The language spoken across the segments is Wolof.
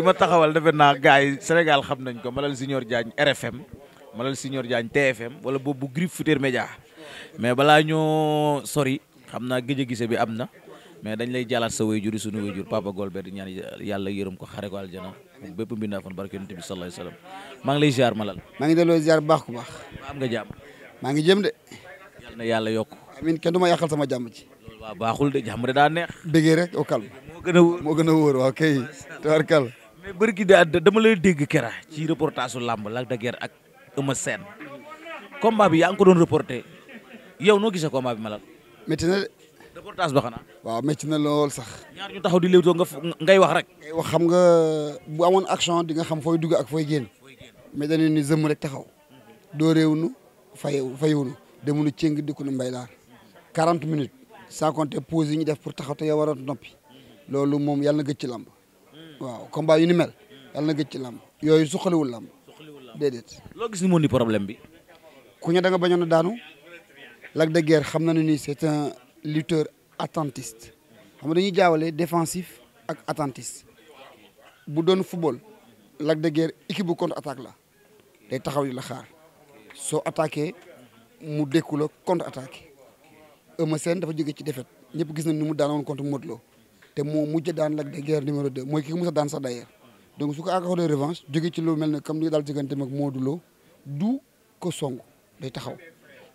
ki ma taxawal defe naa gars yi Sénégal xam nañ ko Malal Signor Diagne RFM Malal Signor Diagne TFM wala boobu bu Griffe Futurs Médias mais balaa ñoo sori xam naa gëj a gise bi am na mais dañ lay jàllaat sa wayjur sunu wayjur Papa Golbert di ñaan yàlla yërëm ko xare ko aljana bépp mbindaa fan barke yonent bi sallallahu alayhi maa ngi lay ziar Malal. maa ngi delloo ziar bu baax ku baax. am nga jàmm. maa ngi jëm de. yàlla na yàlla yokk. amiin kenn du ma yàqal sama jàmm ci. waaw baaxul de jàmm de daa neex. bëggee rek moo gën a wóor moo gën a wóor waaw kay. mais bëri dama lay dégg kera ci reportage su làmb Lac de Guiers ak Eumeu Sène combat bi yaa ngi ko doon reporté yow noo gisee combat bi malal métti na de. reportage ba xanaa. waaw métti na lool sax. ñaar ñu taxaw di léewtoo nga ngay wax rek. ngay wax xam nga bu amoon action di nga xam fooy dugg ak fooy génn mais dañu ni zëmm rek taxaw doo réew nu fayewu fayewu nu demunu cëng dikku nu mbay laar 40 minutes sans compter yi ñu def pour taxaw te yow waroon noppi loolu moom yàlla na gëj ci làmb waaw combat yu ni mel yàlla na gëj ci làmb yooyu suqaliwul làmb déedéet. loo gis ni moo ni problème bi. ku ñu da nga bañoon na daanu. Lac de Guiers xam na ni c'est un lutteur attentiste xam nga dañuy jaawale défensif ak attentiste bu doon football Lac de Guiers équipe bu attaque la day taxaw yi la xaar soo attaqué mu dékku la contre attaque Eumeu Sène dafa jóge ci défaite ñëpp gis na nu mu daanoon contre Modou Lo te moo mujj daan Lac de Guiers numéro 2 mooy ki mos a daan sax d'ailleurs donc su ko Aga xoolee revanche jóge ci lu mel ne comme li daal diggante mag Modou Lo du ko song day taxaw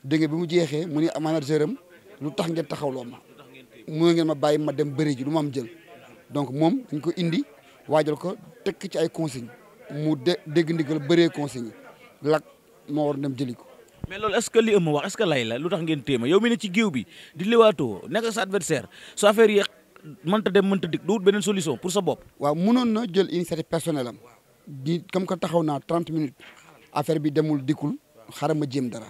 dégg bi mu jeexee mu ni manager am lu tax ngeen taxaw loo ma mu ngeen ma bàyyi ma dem bëri ji du am jël donc moom dañ ko indi waajal ko tekk ci ay consigne mu de dégg ndigal bëree consigne Lac moo war dem jëli ko. mais loolu est-ce que wax est la lu tax ngeen téema yow mi ne ci géew bi di liwaatoo nekk sa adversaire su affaire yi mënta dem mënta dikk du wut beneen solution pour sa bopp. waaw mënoon na jël initiative personnelle am di comme que taxaw naa trente minutes affaire bi demul dikkul xaaral ma jéem dara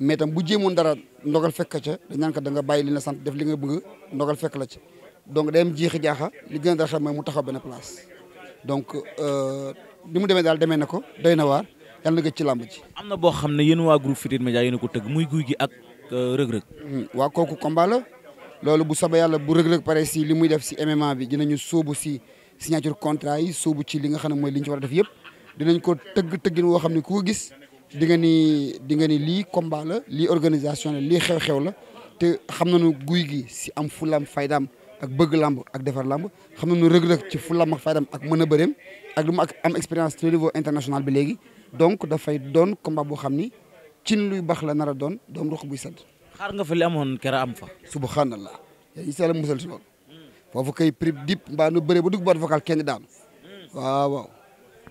mais tam bu jéemoon dara ndogal fekk ca dañ da nga bàyyi li la sant def li nga bëgg ndogal fekk la ci donc day am jeexi li gën a dara xam mooy mu taxaw benn place donc li euh, mu demee daal demee na ko doy na waar yàlla na gëj ci làmb ji. am na boo xam ne yéen waa groupe Futurs Médias yéen a ko tëgg muy guy gi ak euh, rëg-rëg. Hmm, waaw kooku combat loolu bu soobee yàlla bu rëg-rëg pare si li muy def si MMA bi dinañu soobu si signature contrat yi sóobu ci li nga xam ne mooy liñ ñu ci war a def yëpp dinañ ko tëgg tëggin woo xam ne ku ko gis di nga ni di nga ni lii combat lii organisation la lii xew-xew la te xam na nañu guy gi si am fay dam ak bëgg lamb ak defar lamb xam na nañu rëg-rëg ci lam ak faydaam ak mën a bëreem ak lu am expérience au niveau bi léegi donc dafay doon combat boo xam ni cin luy baax la nar a doon doom ruq buy sedd xaar nga fa li amoon kera am fa subhanallah yàlla isa la musal si loolu foofu kay prix dip mbaa nu bëree ba dugg boîte vocale kenn daanu waaw waaw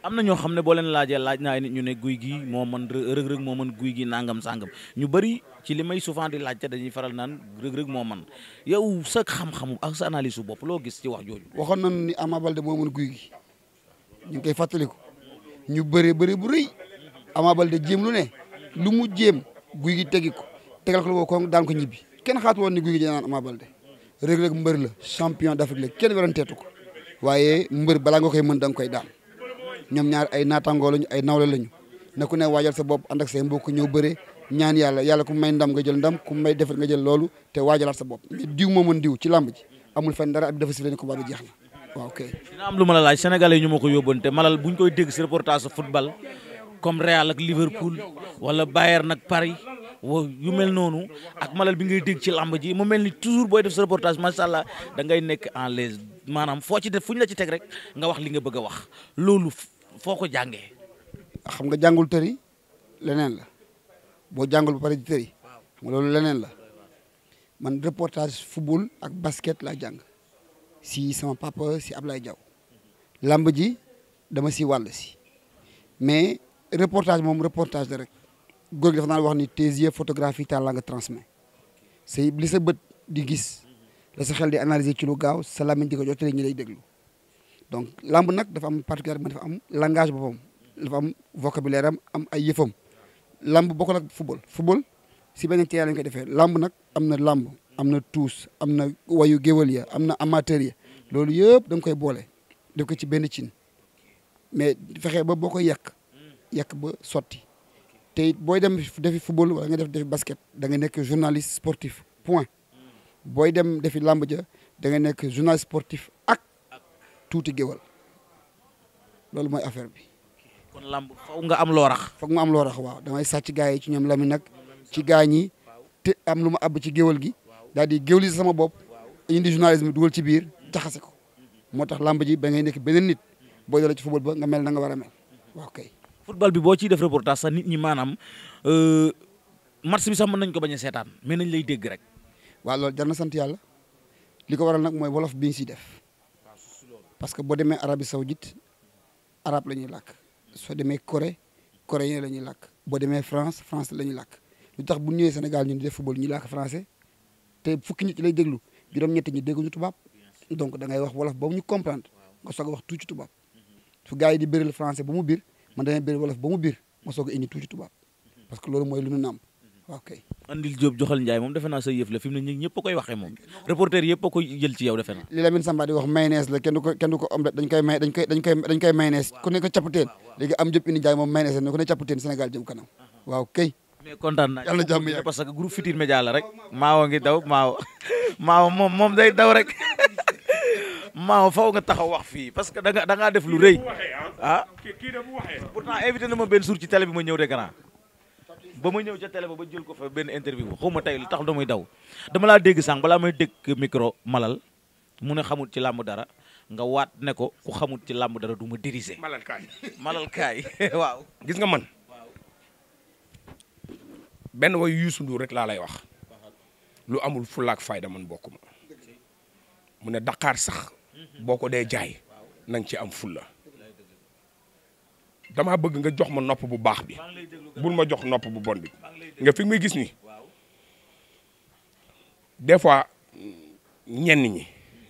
am na ñoo xam ne boo leen laajee laaj naa ni ñu ne guy gi moo mën rëg rëg moo mën guy gi nangam sangam ñu bëri ci li may souvent laajte dañuy faral naan rëg rëg moo mën yow sa xam ak sa analyse su bopp loo gis ci wax jooju. waxoon nañu ni Ama Baldé moo mën guy gi ñu ngi koy fàttaliku ñu bëree bëri bu rëy Ama Baldé jéem lu ne lu mu jéem guy gi tegi ko tegal ko la woo koŋ daan ko ñibbi kenn xaatu woon ni guy gi dina ko da nga koy daan ñoom ñaar ay ay nawle lañu na ne waajal sa bopp ànd ak say mbokk ñëw bëre ñaan yàlla yàlla ku may ndam nga jël ndam ku may defet nga jël loolu te waajalaat sa bopp diw moo mën diw ci làmb ji amul fenn dara ab dafa sifle ni ko baa bi jeex na waaw ok dina am lu ma la laaj sénégalais yi ñu ma ko yóbbante malal buñ koy dégg si reportage football comme Real ak Liverpool wala Bayern ak Paris wo yu mel noonu ak malal bi ngay dégg ci làmb ji mu mel ni toujours booy def sa reportage macha dangay nekk en l'aise maanaam foo ci def fu ñu la ci teg rek nga wax li nga bëgg wax loolu foo ko jàngee. xam nga jàngul tëri leneen la boo jàngul ba pare di tëri xam nga loolu leneen la man reportage football ak basket laa jàng si sama papa si Ablaye Diaw làmb ji dama si wàll si mais reportage moom reportage la rek. góor gi dafa naan wax ni tes yeux photographie ta langue transmet sa li sa bët di gis la sa xel di analyser ci lu gaaw sa làmmiñ di ko jottali ñi lay déglu donc lamb nag dafa am particulièrement dafa am langage boppam dafa am vocabulaire am am ay yëfam lamb bokkul nag football football si benn terrain lañ koy defee lamb nag am na lamb am na tuus am na wayu géwal ya am na amateur ya loolu yëpp da koy boole def ko ci benn cin mais fexe ba boo koy yàq yàq ba sotti te it booy dem defi football wala nga def defi basket da nga nekk journaliste sportif point booy dem defi làmb ja da nga nekk journaliste sportif ak tuuti géwal loolu mooy affaire bi. kon làmb faw nga am loo rax. foog nga am loo waaw damay ci gaa yi ci ñoom Lamine nag ci gaa ñi te am lu ma àbb ci géwal gi daal di géwli sama bopp indi mi dugal ci biir jaxase ko moo tax làmb ji ba nga nekk beneen nit booy doole ci football ba nga mel na nga war a mel waaw football bi boo ciy def reportage sax nit ñi maanaam euh, match bi sax mën nañ ko bañ a seetaan mais nañ lay dégg rek. waaw loolu sant yàlla li ko waral nag mooy wolof bi ñu siy def parce que boo demee Arabie Saoudite arabe la ñuy làkk soo demee Corée coréen la ñuy làkk boo demee France France la ñuy làkk lu tax bu ñëwee Sénégal ñun def football ñu làkk france te fukki nit lay déglu juróom-ñetti ñu dégguñu tubaab donc da ngay wax wolof boobu ñu comprendre nga soog a wax tuuti ci mu bir man damay biir wolof ba mu biir ma indi tuuti tubaab parce que loolu mooy lu nu nàmp waaw kay. Andil Diop Joxal Ndiaye moom defe naa sa yëf la fi mu ne ñëpp a koy waxee moom reporter yëpp a koy jël ci yow defe naa. li Lamine Samba di wax mayonnaise la kenn du ko kenn du ko omelette dañ koy may dañ ko moom ne ku ne cappateen Sénégal kanam uh-huh. waaw kay. mais kontaan naa yàlla parce que groupe Futur Média la rek maawo ngi daw maawo maawo moom moom day daw rek maawo faw nga taxaw wax fii parce que da da ngaa def lu rëy ah kii de bu na ma benn suur ci tele bi ma ñëw de grand ba ma ñëw ca tele ba ba jël ko fa benn interview xaw ma tey lu tax damay daw dama laa dégg sànq balaa may dégg micro malal mu ne xamul ci làmb dara nga waat ne ko ku xamul ci làmb dara duma ma diriger. malal waaw. gis nga man benn way Youssou Ndour rek laa lay wax lu amul fulaak fayda man bokkuma mu ne Dakar sax boo ko dee jaay na nga ci am fulla damaa bëgg nga jox ma nopp bu baax bi bul ma jox nopp bu bon bi nga fi muy gis ni des fois ñenn ñi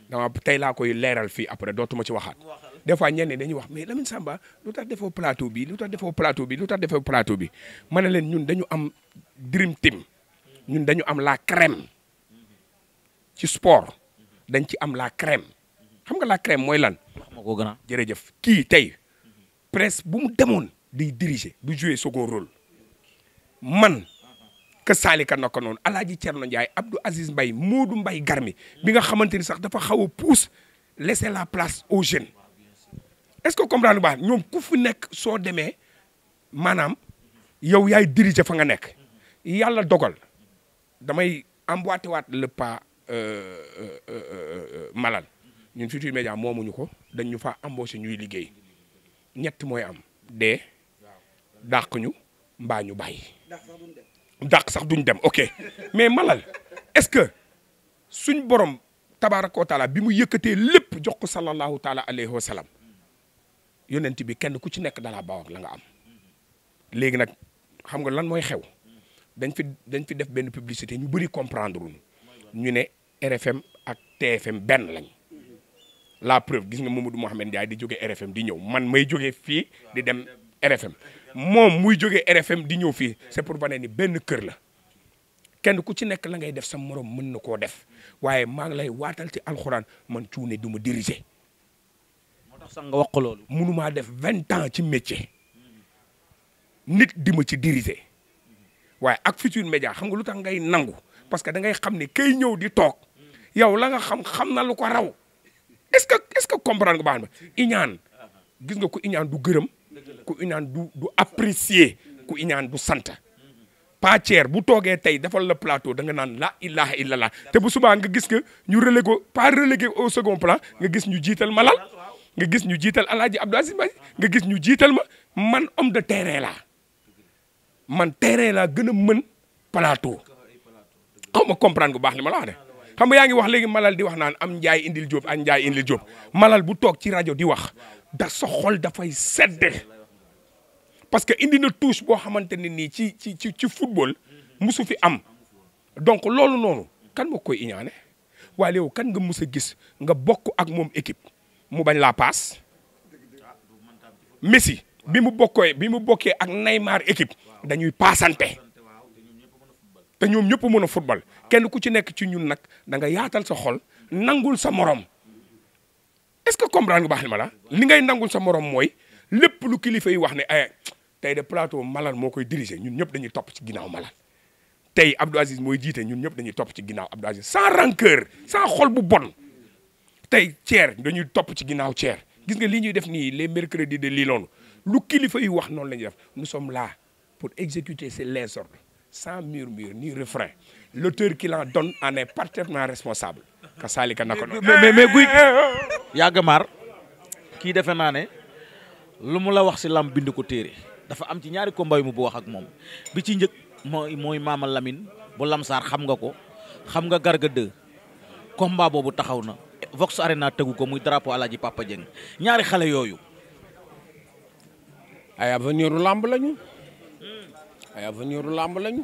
dama tey laa koy leeral fii après dootuma ci waxaat des fois ñenn ñi dañuy wax mais Lamine Samba lu tax defoo plateau bi lu tax defoo plateau bi lu tax defoo plateau bi ma ne leen ñun dañu am dream tim ñun dañu am laa crème ci sport dañ ci am laa crème xam nga la crème mooy lan. jërëjëf kii tey. presse bu mu demoon day diriger du jouer second rôle man que Salika naka noonu Alaaji Cerno Ndiaye Abdou Aziz moo Moodu mbay Garmi bi nga xamante ni sax dafa xaw a pousse laisser la place aux jeunes est-ce que comprendre baax ñoom ku nekk soo demee maanaam yow yaay diriger fa nga nekk yàlla dogal damay emboîté waat le pas euh, euh, euh, malal ñun Futurs Médias moomuñu ko dañ ñu fa embauché ñuy liggéey ñett mooy am dee dàq ñu mbaa ñu bàyyi dàq sax duñ dem ok mais malal est-ce que suñ borom tabaaraka wa bi mu yëkkatee lépp jox ko sallallahu taala alayhi wa sallam yonent bi kenn ku ci nekk dalaa baaw la nga am léegi nag xam nga lan mooy xew dañ fi dañ fi def benn publicité ñu bëri comprendre ñu ne RFM ak TFM benn lañ la preuve gis nga Mamadou Mouhamed Ndiaye di joge RFM di ñëw man may jóge fii di dem RFM moom muy jóge RFM di ñëw fii c'est pour wane ni benn kër la kenn ku ci nekk la ngay def sa morom mën na koo def waaye maa ngi lay waatal ci alxuraan man cuune du ma diriger. moo sax nga wax ko loolu. mënumaa def vingt ans ci métier nit di ci diriger waaye ak Futurs Médias xam nga lu tax ngay nangu parce que da ngay xam ne kay ñëw di toog yow la nga xam xam na lu ko raw. est ce que est ce que comprendre nga baax na iñaan gis nga ku iñaan du gërëm ku iñaan du du apprécier ku iñaan du sant pàcceer bu toogee tey defal la plateau da nga naan la ilaha illallah te bu subaa nga gis nga ñu relégué pas relégué o second plan nga gis ñu jiital ma lal nga gis ñu jiital alaaji Abdou Aziz nga gis ñu jiital ma man homme de terrain laa man terrain laa gën a mën plateau xaw ma comprendre baax ni ma la wax xam nga yaa ngi wax léegi malal di wax naan am njaay indil jóob am njaay indil jóob malal bu toog ci rajo di wax da sa xol dafay sedde parce que indi na touche boo xamante ne nii ci ci ci ci football musu fi am donc loolu noonu kan moo koy iñaane waaye yow kan nga mus a gis nga bokk ak moom équipe mu bañ laa paas Messi bi mu bokkee bi mu bokkee ak Neymar équipe dañuy paasante te ñoom ñëpp mën a football kenn ku ci nekk ci ñun nag da nga yaatal sa xol nangul sa morom est-ce comme comprendre nga baax ni ma la li ngay nangul sa morom mooy lépp lu kilifa yi wax ne ay eh, tey de plateau Malal moo koy diriger ñun ñëpp dañuy topp ci ginnaaw Malal tey Abdou Aziz mooy jiite ñun ñëpp dañuy topp ci ginnaaw Abdou Aziz sans rancœur sans xol bu bon tey Thier dañuy topp ci ginnaaw Thier gis nga lii ñuy def nii les mercredis de lii loonu lu kilifa yi wax noonu la ñuy def nous pour exécuter ces les ordres sans murmure ni refrain l'auteur qui l'en donne en est parfaitement responsable ka saalika naka noonu mais mais guy yàgg maar kii defe naa ne lu mu la wax si lam bind ko téere dafa am ci ñaari combat mu bu wax ak moom bi ci njëkk mooy mooy maama lamin bu lamsaar xam nga ko xam nga garga deux combat boobu taxaw na Vox Arena tëgu ko muy drapeau ji Papa Dieng ñaari xale yooyu ay avenir lañu ay avenir làmb lañu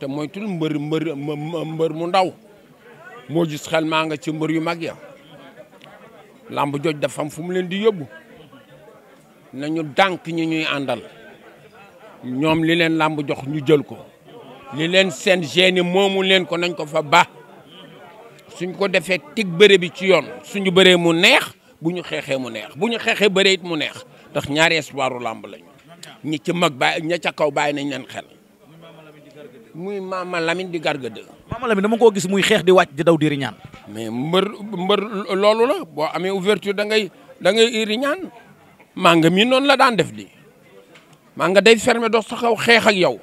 te moytul mbër mbër mbër mu ndaw moo gis xel maa nga ci mbër yu mag ya làmb joj dafam am fu mu leen di yóbbu nañu dànk ñu ñuy àndal ñoom li leen làmb jox ñu jël ko li leen seen génie moomu leen ko nañ ko fa ba suñ ko defee tig bëre bi ci yoon suñu bëree mu neex bu ñu xeexee mu neex bu ñu xeexee bëree mu neex ndax ñaari espoiru làmb lañu ñi ci mag bàyyi ña ca kaw bàyyi nañ leen xel. muy maama Lamine di garga maama Lamine dama koo gis muy xeex di wàcc di daw di riñaan. mais mbër mbër loolu la boo amee ouverture da ngay da ngay riñaan maa nga mii noonu la daan def di maa nga day fermer dox sa kaw xeex ak yow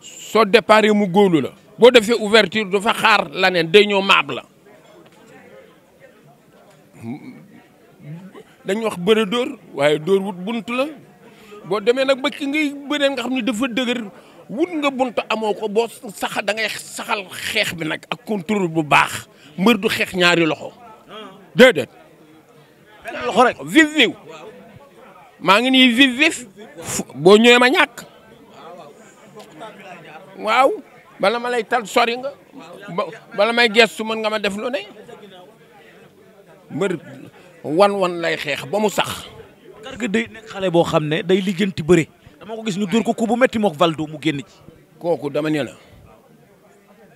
soo départ mu góolu la. boo defee ouverture du fa xaar la neen day ñëw maab la dañ wax bëre dóor waaye dóor wut bunt la. boo demee nag bëkk ngay bëree nga xam ne dafa dëgër wut nga bunt amoo ko boo sax da ngay saxal xeex bi nag ak contrôle bu baax mbër du xeex ñaari loxo déedéet. benn loxo rek vif vif maa ngi nii vif vif boo ñëwee ma ñàkk waaw bala ma lay tal sori nga bala may gees tu mën nga ma def lu ne mbër wan-wan lay xeex ba mu sax. sarga day nekk xale boo xam ne day lijjanti bëre dama ko gis ñu dóor ko ku bu metti mook Valdo mu génn ci. kooku dama ne la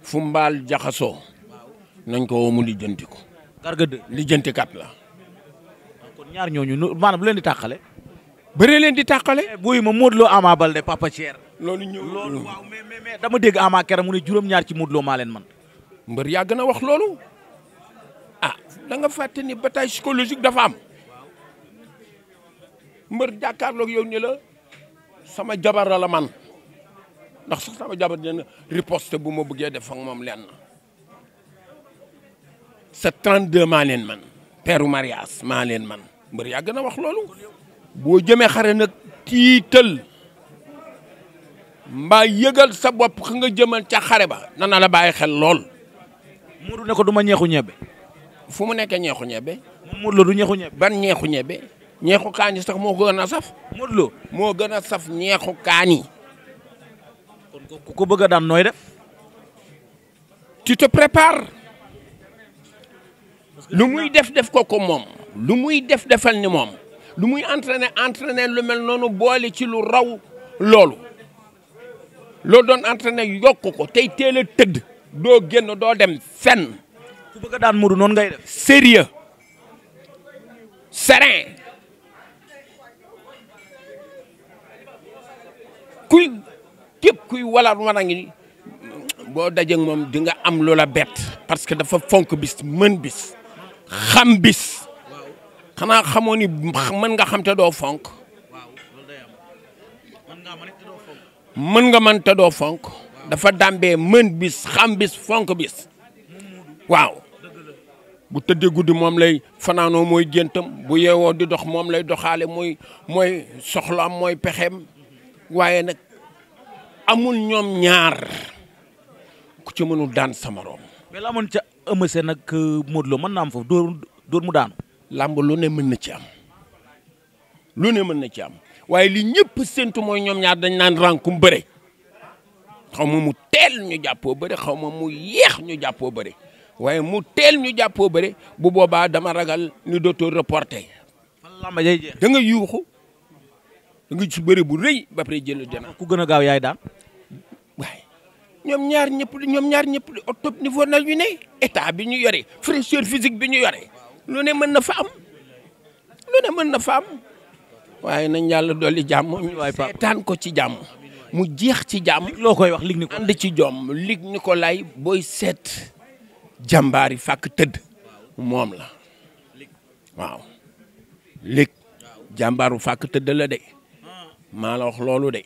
fu mbaal jaxasoo nañ ko woo mu lijjanti ko. sarga de lijjanti kat la. kon ñaar ñooñu maanaam bu leen di tàqale. bëre leen di tàqale. Eh, booy ma Modou Lo Ama Baldé Papa mais mais dama dégg Ama Kera mu ne juróom-ñaar ci man mbër yàgg a wax loolu ah da nga fàtte ni bataille psychologique dafa am. mbër jàkkaarloog yow ni la sama jabar la man ndax su sama jabar dina riposte bu ma bëggee def ak moom lenn sa 32 maa leen man peeru mariage maa leen man mbër yàgg na wax loolu boo jëmee xare nag tiital mbaa yëgal sa bopp ka nga jëmal ca xare ba nana la bàyyi xel lool Modou ne ko du ma ñeexu ñebe fu mu nekkee ñeexu ñebe Modou la du ñeexu ñebe ban ñeexu ñebe ñeexu kaani sax moo gën a saf. Modou Lo moo gën a saf ñeexu kaani. kon ko bëgg a daan nooy def. tu te prépares. lu muy def def ko ko moom. lu muy def defal ni moom. lu muy entre entraîner entraîner lu mel noonu boole ci lu raw loolu. loolu doon entraîner yokk ko tey teel tëdd. doo génn doo dem fenn. ku bëgg daan Modou noonu ngay def. sérieux serein. kuy képp kuy walaat war a ngi boo dajeeg moom di nga am loola bett parce que dafa fonk bis mën bis xam bis xanaa xamoo ni mën nga xam te doo fonk mën nga mën te doo fonk dafa dàmbee mën bis xam bis fonk bis waaw bu tëddee guddi moom lay fanaanoo mooy géntam bu yeewoo di dox moom lay doxaale mooy mooy soxlaam mooy pexeem waaye nag amul ñoom ñaar ku ci mënul daan sa morom. la amoon ca Eumeu Sène nag euh, Modou Lo mën naa am foofu mu daan làmb lu ne mën na ci am lu ne mën na ci am waaye li ñëpp séntu mooy ñoom ñaar dañ naan rànkum bëre xaw ma mu teel ñu jàppoo bëre xaw ma mu yeex ñu jàppoo bëre waaye mu teel ñu jàppoo bëre bu boobaa dama ragal ñu dootoo reporté. fan làmb day jeex yuuxu. da nga gis bu rëy ba pare jël dana ku gën a gaaw yaay daan waaye ñoom ñaar ñëpp ñoom ñaar ñëpp au top niveau na ñu ne état bi ñu yore fraîcheur physique bi ñu yore lu ne mën na fa am ne mën na fa am waaye nañ yàlla dolli jàmm waaye seetaan ko ci jàmm mu jeex ci jàmm loo koy wax lig ni ko jom lig ko lay booy seet jàmbaar yi fàkk tëdd moom la waaw lig jàmbaaru fàkk tëdd la de maa la wax loolu de.